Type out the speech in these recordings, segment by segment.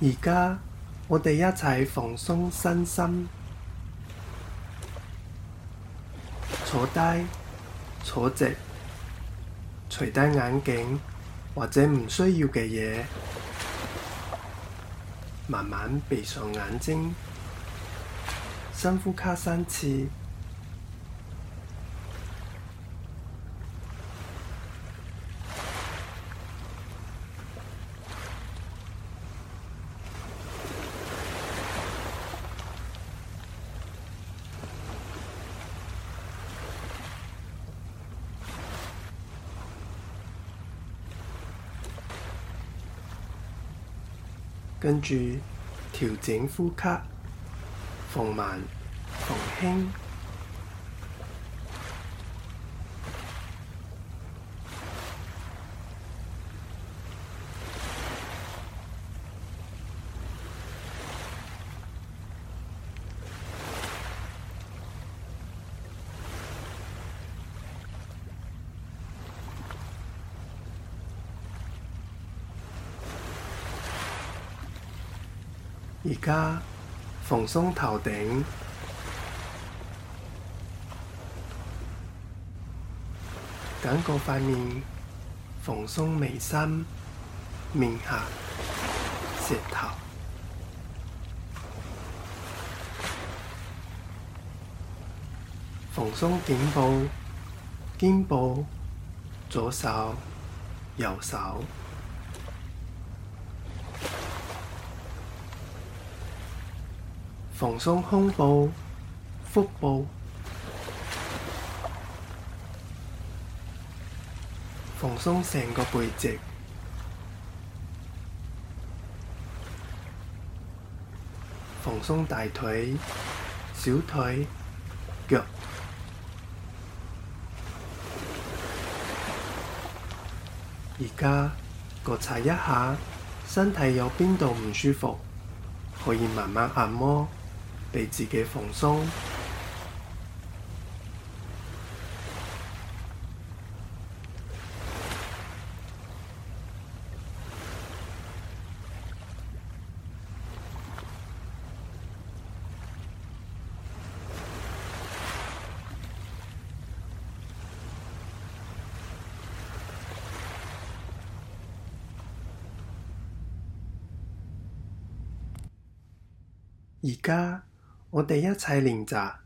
而家我哋一齊放鬆身心，坐低坐直，除低眼鏡或者唔需要嘅嘢，慢慢閉上眼睛，深呼吸三次。跟住調整呼吸，放慢，放輕。家放鬆頭頂，緊覺塊面放鬆眉心、面頰、舌頭，放鬆頸部、肩部、左手、右手。放鬆胸部、腹部，放鬆成個背脊，放鬆大腿、小腿、腳。而家覺察一下身體有邊度唔舒服，可以慢慢按摩。畀自己放鬆，而家。我哋一齊練習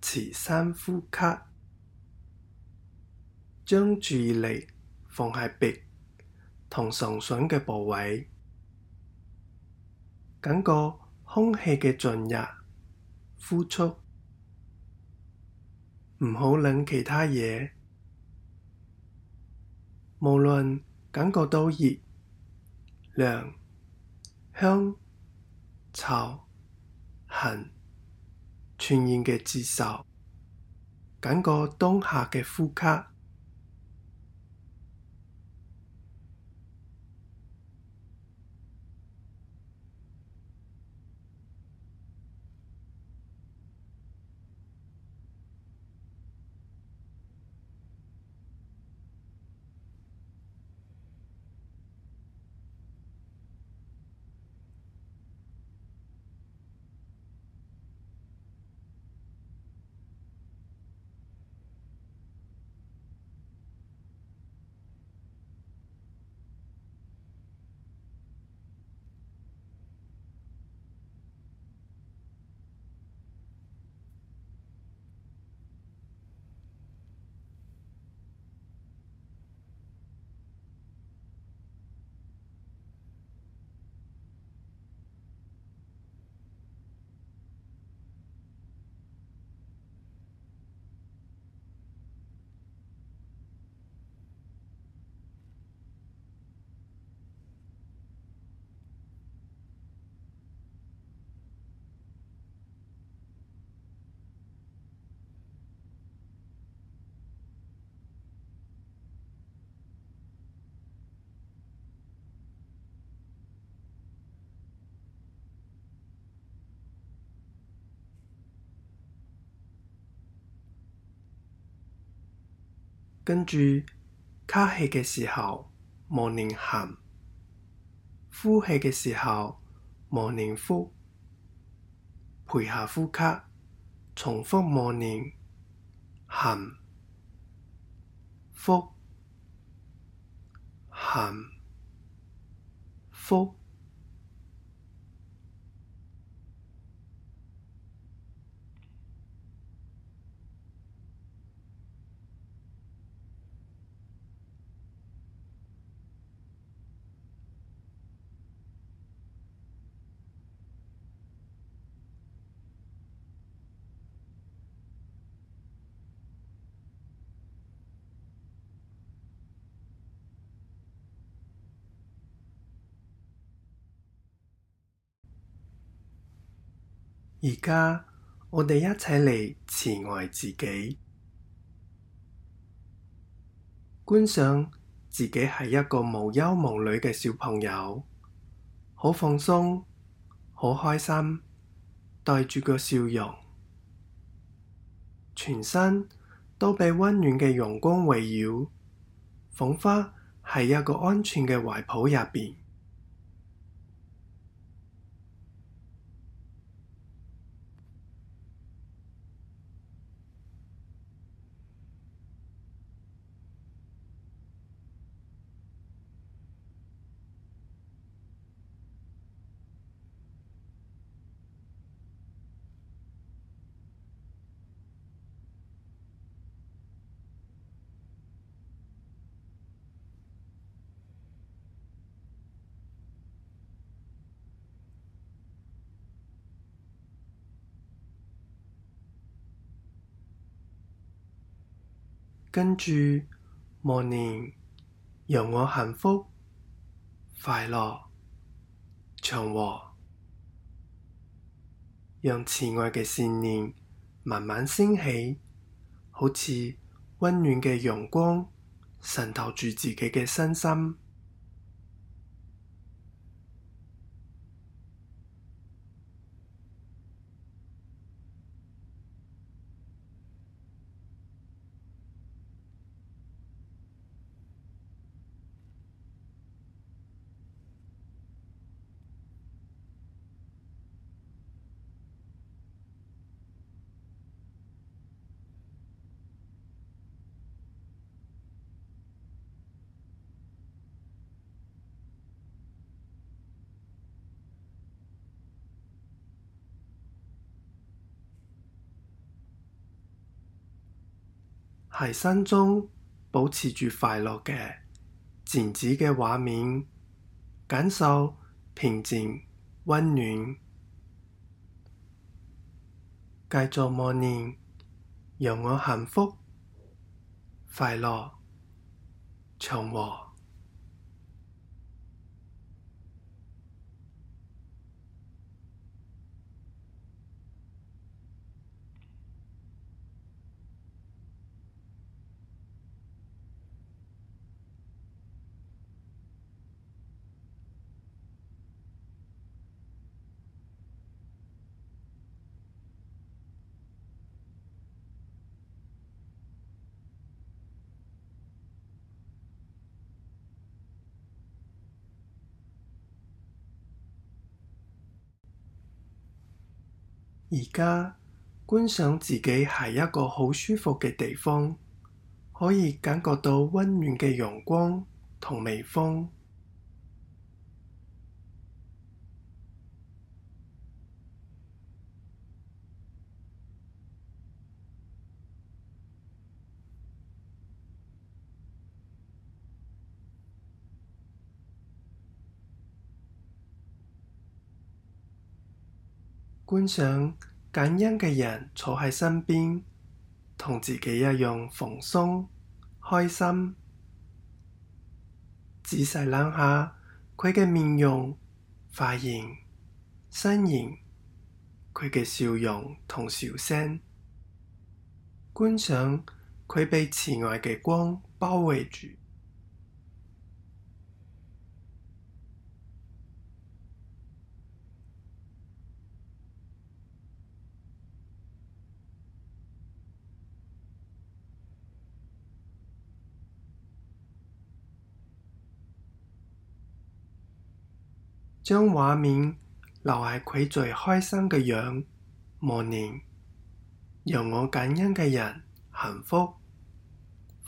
持深呼吸，將注意力放喺鼻同唇唇嘅部位，感覺空氣嘅進入、呼出，唔好諗其他嘢，無論感覺到熱、涼、香、臭、痕。全然嘅接受，感覺當下嘅呼吸。跟住吸氣嘅時候，默念含；呼氣嘅時候，默念呼。陪下呼吸，重複默念含、呼、含、呼。而家我哋一齊嚟慈愛自己，觀想自己係一個無憂無慮嘅小朋友，好放鬆，好開心，帶住個笑容，全身都被温暖嘅陽光圍繞，仿佛係一個安全嘅懷抱入邊。跟住默念，讓我幸福、快樂、祥和，讓慈愛嘅善念慢慢升起，好似溫暖嘅陽光，滲透住自己嘅身心。係心中保持住快樂嘅禪子嘅畫面，感受平靜溫暖，繼續默念，讓我幸福、快樂、祥和。而家觀賞自己喺一個好舒服嘅地方，可以感覺到溫暖嘅陽光同微風。觀想感恩嘅人坐喺身邊，同自己一樣放鬆開心。仔細諗下佢嘅面容、髮型、身形、佢嘅笑容同笑聲。觀想佢被慈愛嘅光包圍住。將畫面留喺佢最開心嘅樣，默念，讓我感恩嘅人幸福、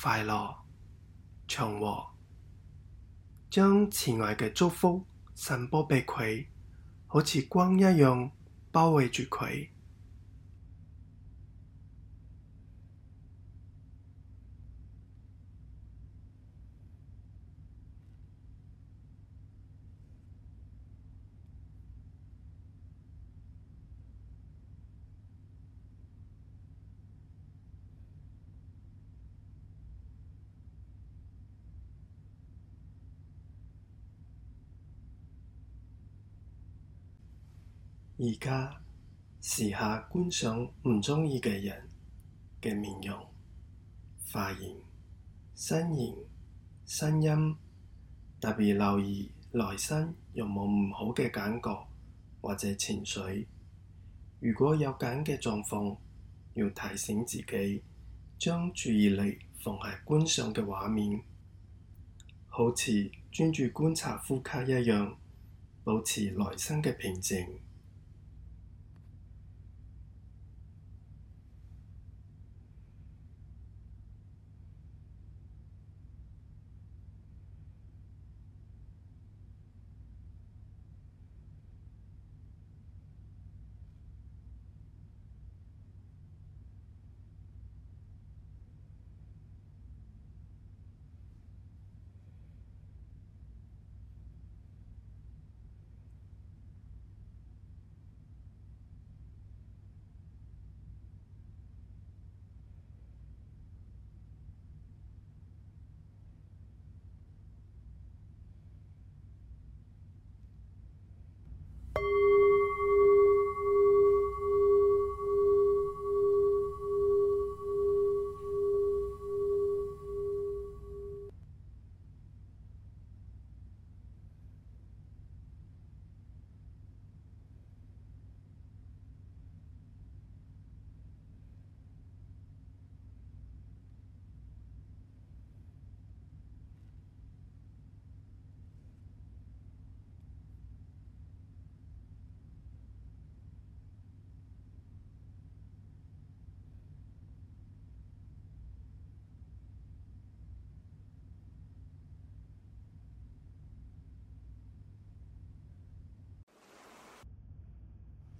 快樂、祥和，將慈愛嘅祝福散播畀佢，好似光一樣包圍住佢。而家時下觀賞唔鍾意嘅人嘅面容、髮型、身形、聲音，特別留意內心有冇唔好嘅感覺或者情緒。如果有咁嘅狀況，要提醒自己將注意力放喺觀賞嘅畫面，好似專注觀察呼吸一樣，保持內心嘅平靜。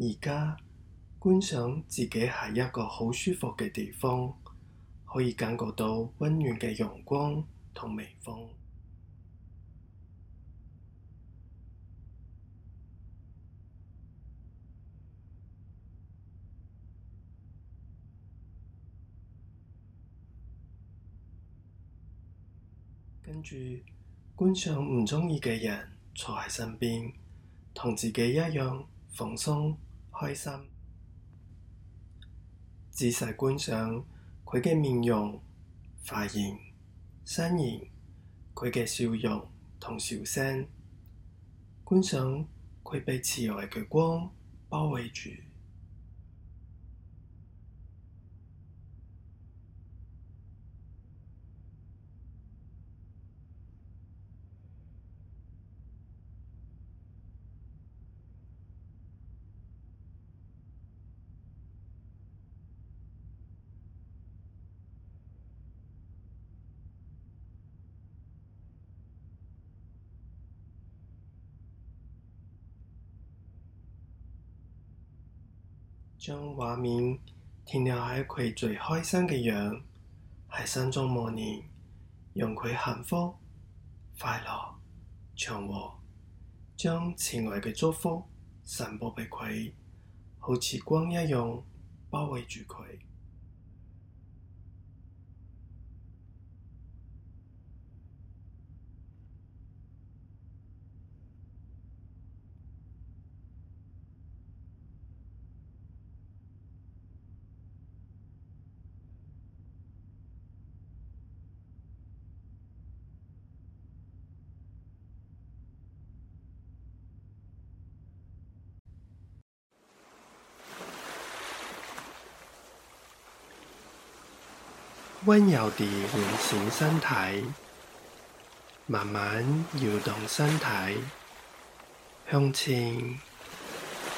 而家觀想自己喺一個好舒服嘅地方，可以感覺到溫暖嘅陽光同微風，跟住觀想唔鍾意嘅人坐喺身邊，同自己一樣放鬆。開心，仔細觀想佢嘅面容、髮型、身形，佢嘅笑容同笑聲，觀想佢被慈愛嘅光包圍住。將畫面停留喺佢最開心嘅樣，喺心中默念，讓佢幸福、快樂、祥和，將慈愛嘅祝福散播畀佢，好似光一樣包圍住佢。溫柔地喚醒身體，慢慢搖動身體，向前、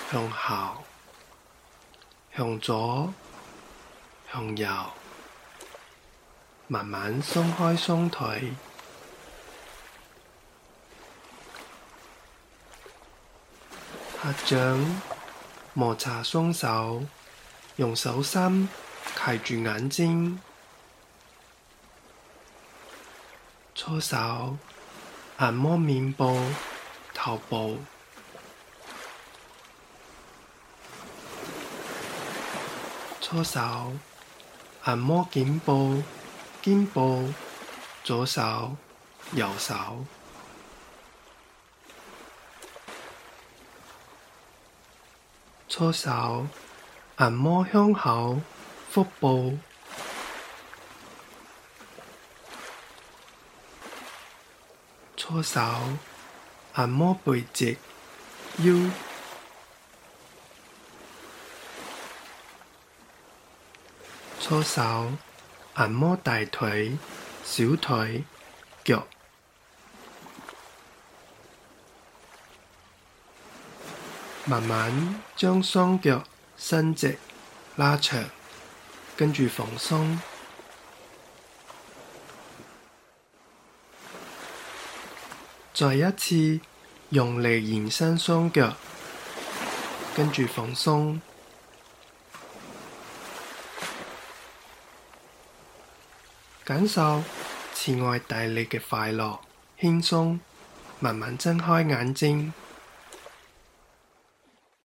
向後、向左、向右，慢慢鬆開雙腿，合掌，摩擦雙手，用手心蓋住眼睛。搓手，按摩面部、頭部；搓手，按摩頸部、肩部；左手、右手；搓手，按摩胸口、腹部。搓手，按摩背脊、腰。搓手，按摩大腿、小腿、腳。慢慢將雙腳伸直、拉長、跟住放鬆。再一次用力延伸雙腳，跟住放鬆，感受慈愛帶你嘅快樂，輕鬆，慢慢睜開眼睛。